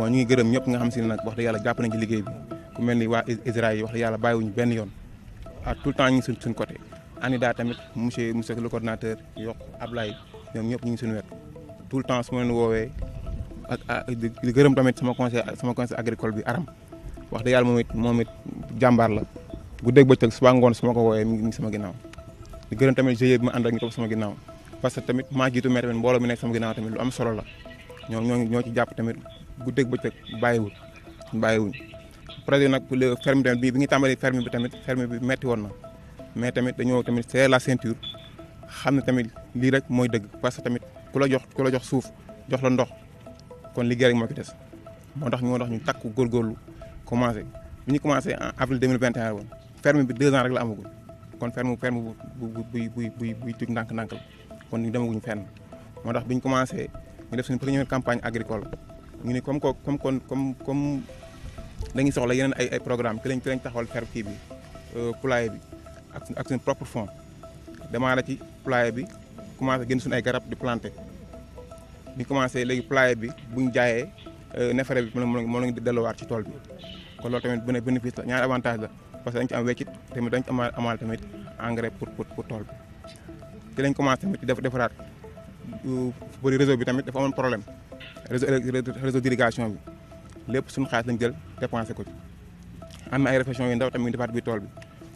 bon ñu ngi gërëm ñëpp nga xam si ne nag wax dëgg yàlla jàpp nañ ci liggéey bi ku mel ni waa Israël yi wax dëgg yàlla bàyyiwuñu benn yoon ah tout le temps ñu ngi suñ suñ côté ANIDA tamit monsieur monsieur le coordonnateur yokk Ablaye ñoom ñëpp ñu ngi suñu wet tout le temps su ma leen woowee ak gërëm tamit sama conseil sama conseil agricole bi aram wax yàlla moom it moom it jàmbaar la bu dégg bëccëg suba su ma ko wooyee mi ngi sama ginnaaw di gërëm tamit ñu topp sama ginnaaw parce que tamit maa jiitu mais tamit mbooloo mi nekk sama ginnaaw tamit lu am solo la ñoo ñoo ñoo ci jàpp tamit guddeeg bëccëg bàyyiwul bàyyiwuñ projet bi nag le ferme tamit bii bi ngi tàmbali ferme bi tamit ferme bi metti woon na mais tamit dañoo tamit serrer la ceinture xam ne tamit lii rek mooy dëgg parce que tamit ku la jox ku la jox suuf jox la ndox kon liggéey rek moo fi des moo tax ñu moo tax ñu takku góorgóorlu commencé bi ñu commencé en avril 2021 woon ferme bi deux ans rek la amagul kon ferme ferme bu bu buy buy buy buy tudd ndànk-ndànk la kon ñu demaguñu fenn moo tax bi ñu commencé ñu def suñu première campagne agricole ñu ne comme comme comme comme comme dañuy soxla yeneen ay ay programme ki lañ ki lañ taxawal fer kii bi euh, poulailler bi ak ak suñu propre fond démarré ci poulailler bi commencé gën suñu ay garab di planter ñu commencé léegi poulailler bi buñ jaayee euh, neefere bi moom lañ delluwaat ci tool bi kon loolu tamit benn bénéfice la ñaari avantage la parce que dañ ci am weccit tamit dañ ci amaal amaal tamit engrais pour pour pour tool bi ci lañ commencé tamit di defaraat euh, bëri réseau bi tamit dafa amoon problème réseau réseau d'irrigation bi lépp suñu xaalis lañ jël dépensé ko ci. am na ay réflexion yu ndaw tamit ñu bi tool bi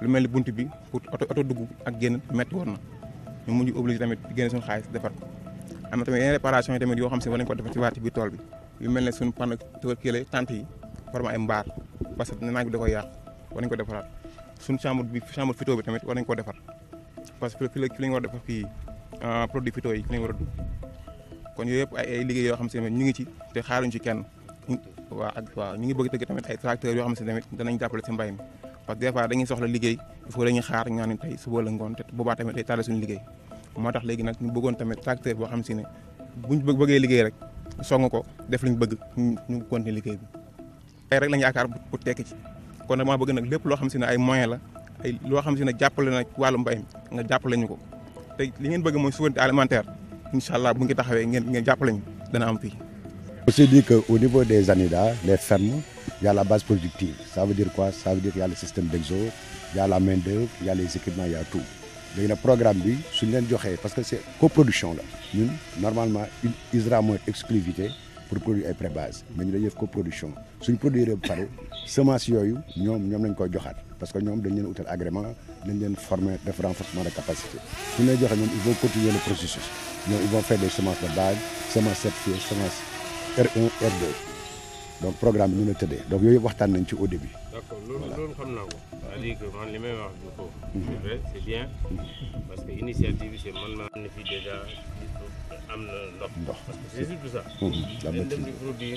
lu mel ni bunt bi pour oto oto dugg ak génn métti woon na ñu mujj obligé tamit génne suñu xaalis defar ko am na tamit yeneen réparation yi tamit yoo xam si war nañu ko defar ci waat ci biir tool bi lu mel ne suñu panneau tuberculeux tente yi forme ay mbaar parce que naaj bi da koy yàq war nañu ko defaraat suñu chambre bi chambre phyto bi tamit war nañu ko defar parce que fii la fii la war a defar fii ah, produit phyto yi fi la war a dugg kon yooyu yëpp ay liggéey yoo xam ne ñu ngi ci te xaaruñ ci kenn waaw ak waaw ñu ngi bëgg tege tamit ay tracteurs yoo xam ne tamit danañ jàppale si mbay mi parce que dañuy soxla liggéey il faut dañuy xaar ñu naan tey suba la ngoon te boobaa tamit day tàlle suñu liggéey moo tax léegi nag ñu bëggoon tamit tracteur boo xam si ne buñ bëggee liggéey rek song ko def liñ bëgg ñu continuer liggéey bi tey rek lañ yaakaar pour tekki ci kon nag maa bëgg nag lépp loo xam si ne ay moyen la loo xam si ne jàppale na wàllu mbay mi nga jàppale ñu ko te li ngeen bëgg mooy souveraineté alimentaire incha bu ngi ngeen ngeen dana am fi on dit que au niveau des là, les fermes il y a la base productive ça veut dire quoi ça veut dire qu'il y a le système d'exo il y a la main d'œuvre il y a les équipements il y a tout a le programme bi suñ leen joxé parce que c'est coproduction là. ñun normalement ISRA une exclusivité pour produire ay pré-base mais ñu a une coproduction suñ produire paro. Semences semence yooyu ñom ñoom lañ koy joxat parce que nous avons leen utal agrément nous avons former def renforcement de capacité ils vont continuer le processus ils vont faire des semences de base semences certifiées semences R1 R2 donc le programme nous ñu donc yooyu yëpp waxtaan nañ ci au début. D'accord. cest bien mm-hmm. parce que l'initiative c'est mon maa déjà c'est tout ça. Mm-hmm.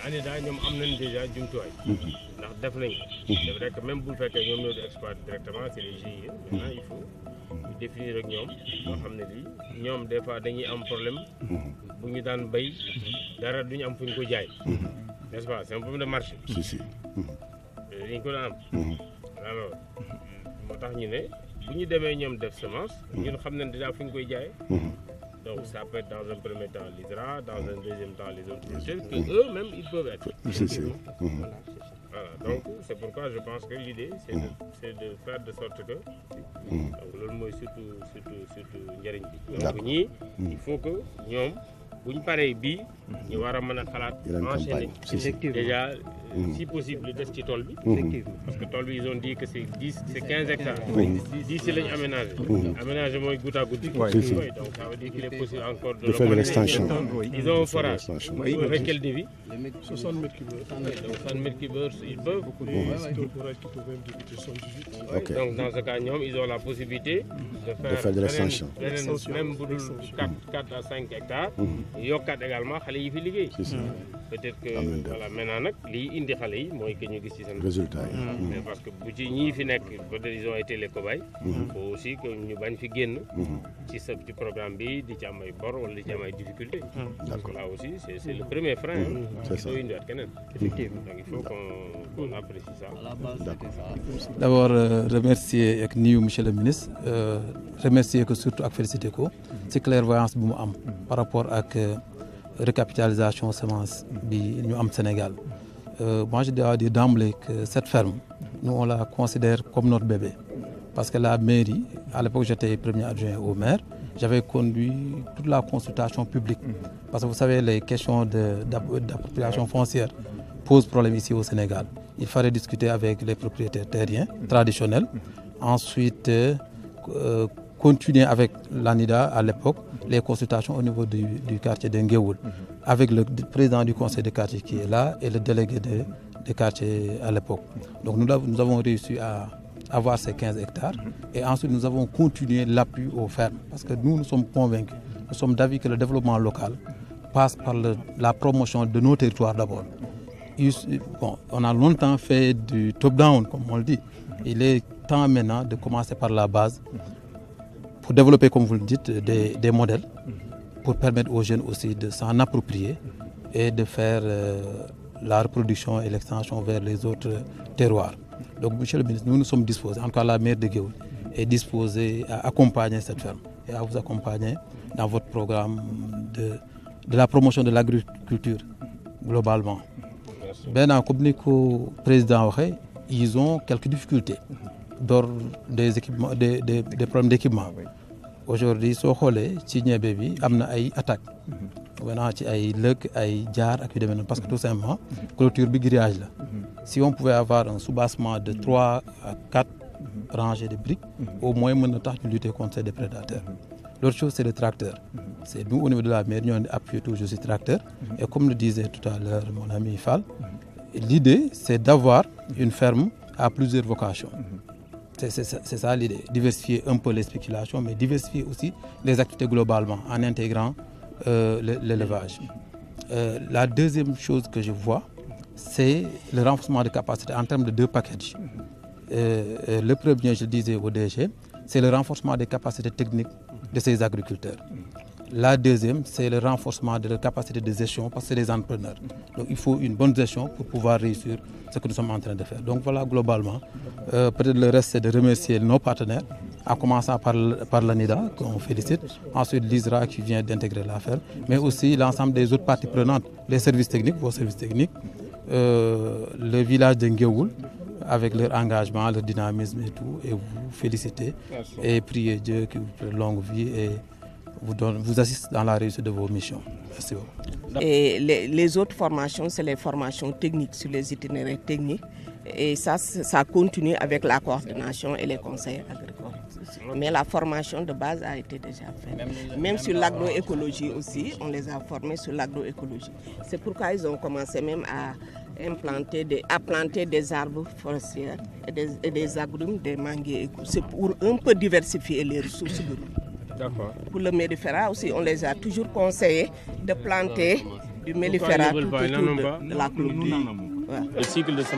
te ANIDA ñoom am nañ déjà jumtuwaay. ndax def nañ ko. def rek même bu fekkee ñoom ñoo di directement seen les GIE. maintenant il faut ñu définir rek ñoom ñoo xam ne lii ñoom des fois dañuy am problème. bu ñu daan bay dara duñu am fu ñu ko jaay. n'est-ce pas c'est un problème de marché. si si. dañ ko daan am. alors moo tax ñu ne bu ñu demee ñoom def semence. Hmm. ñun xam nañ déjà fu ñu koy jaay. Hmm. Donc ça peut être dans un premier temps l'ISRA, dans un deuxième temps les autres structures, que eux-mêmes ils peuvent être. Mhm. C'est ça. Voilà, donc c'est pourquoi je pense que l'idée c'est de, mhm. faire de sorte que. Mhm. Donc, le mot surtout, surtout, surtout, donc, il faut que nous. Pour une bi il ñu war a mën déjà mhm. si possible dess ci Tolbi. bi mhm. parce que Tolbi, ils ont dit que c'est 15 c'est 15 hectares 10 si lañ aménager est moy goutte à goutte donc ça veut dire qu'il est possible encore de faire l'extension ils ont un forage avec quel débit 60 mètres cubes 60 mètres cubes ils peuvent donc dans ce cas ils ont la possibilité mhm. de faire de l'extension même pour 4 à 5 hectares yokkaat également xale yi fi liggéey peut-être que voilà maintenant nak li indi xalé yi mooy que ñu gis ci seen. résultat mm-hmm. mais parce que bu ci ñi fi nek peut-être ils ont été les cobayes. Mm-hmm. faut aussi que ñu bañ fi génn. Mm-hmm. ci ce ci programme bi di ci am ay bor wala di ci am ay difficultés. d'accord là aussi c'est c'est le premier frein. Hein. c'est ça soo indiwaat keneen. effectivement donc il faut qu'on qu'on apprécie ça. d'abord euh, remercier ak niou monsieur le ministre euh remercier que surtout ak féliciter ko ci clairvoyance bu mu am par rapport ak. Euh, récapitalisation semence semences ñu am Sénégal euh, moi je dois dire d'emblée que cette ferme nous on la considère comme notre bébé parce que la mairie à l'époque j'étais premier adjoint au maire j'avais conduit toute la consultation publique parce que vous savez les questions d'appropriation foncière posent problème ici au Sénégal il fallait discuter avec les propriétaires terriens traditionnels ensuite euh, euh, continuer avec l'ANIDA à l'époque les consultations au niveau du, quartier de mhm. avec le président du conseil de quartier qui est là et le délégué de, quartier à l'époque. Donc nous, nous, avons réussi à avoir ces 15 hectares mhm. et ensuite nous avons continué l'appui aux fermes parce que nous, nous sommes convaincus, nous sommes d'avis que le développement local passe par la promotion de nos territoires d'abord. on a longtemps fait du top-down, comme on le dit. Il est temps maintenant de commencer par la base mhm pour développer, comme vous le dites, des, modèles pour permettre aux jeunes aussi de s'en approprier et de faire euh, la reproduction et l'extension vers les autres terroirs. Donc, monsieur le ministre, nous nous sommes disposés, encore la maire de Guéoul est disposée à accompagner cette ferme et à vous accompagner dans votre programme de, la promotion de l'agriculture globalement. Ben, comme le président ils ont quelques difficultés dans des problèmes d'équipement aujourd'hui soo xoolee ci ñebe bi attaques. ci ay lëkk ay jaar ak parce que tout simplement clôture bi grillage si on pouvait avoir un soubassement de 3 à 4 rangées de briques. au moins on na tax lutter contre ces prédateurs. L'autre chose, c'est le tracteur. nous, au niveau de la mer, on appuie toujours sur tracteur. Et comme le disait tout à l'heure mon ami Fall, l'idée, c'est d'avoir une ferme à plusieurs vocations. C'est ça l'idée, diversifier un peu les spéculations, mais diversifier aussi les activités globalement en intégrant euh, l'élevage. Euh, la deuxième chose que je vois, c'est le renforcement des capacités en termes de deux packages. Euh, le premier, je le disais au DG, c'est le renforcement des capacités techniques de ces agriculteurs. La deuxième, c'est le renforcement de la capacité de gestion parce que c'est des entrepreneurs. Donc il faut une bonne gestion pour pouvoir réussir ce que nous sommes en train de faire. Donc voilà globalement. Euh, le reste, c'est de remercier nos partenaires, à commencer par, l'ANIDA, qu'on félicite, ensuite l'ISRA qui vient d'intégrer l'affaire, mais aussi l'ensemble des autres parties prenantes, les services techniques, vos services techniques, euh, le village de Ngéoul, avec leur engagement, leur dynamisme et tout, et vous féliciter et prier Dieu que vous longue vie et vous, donne, vous dans la réussite de vos missions. Merci beaucoup. Et les, autres formations, c'est les formations techniques sur les itinéraires techniques. Et ça, ça continue avec la coordination et les conseils agricoles. Mais la formation de base a été déjà faite. Même, sur l'agroécologie aussi, on les a formés sur l'agroécologie. C'est pourquoi ils ont commencé même à implanter des, à planter des arbres forestiers et des, des agrumes, des manguiers. C'est pour un peu diversifier les ressources de l'eau. Pour le mellifera aussi, on les a toujours conseillé de planter du mellifera de, la clôture.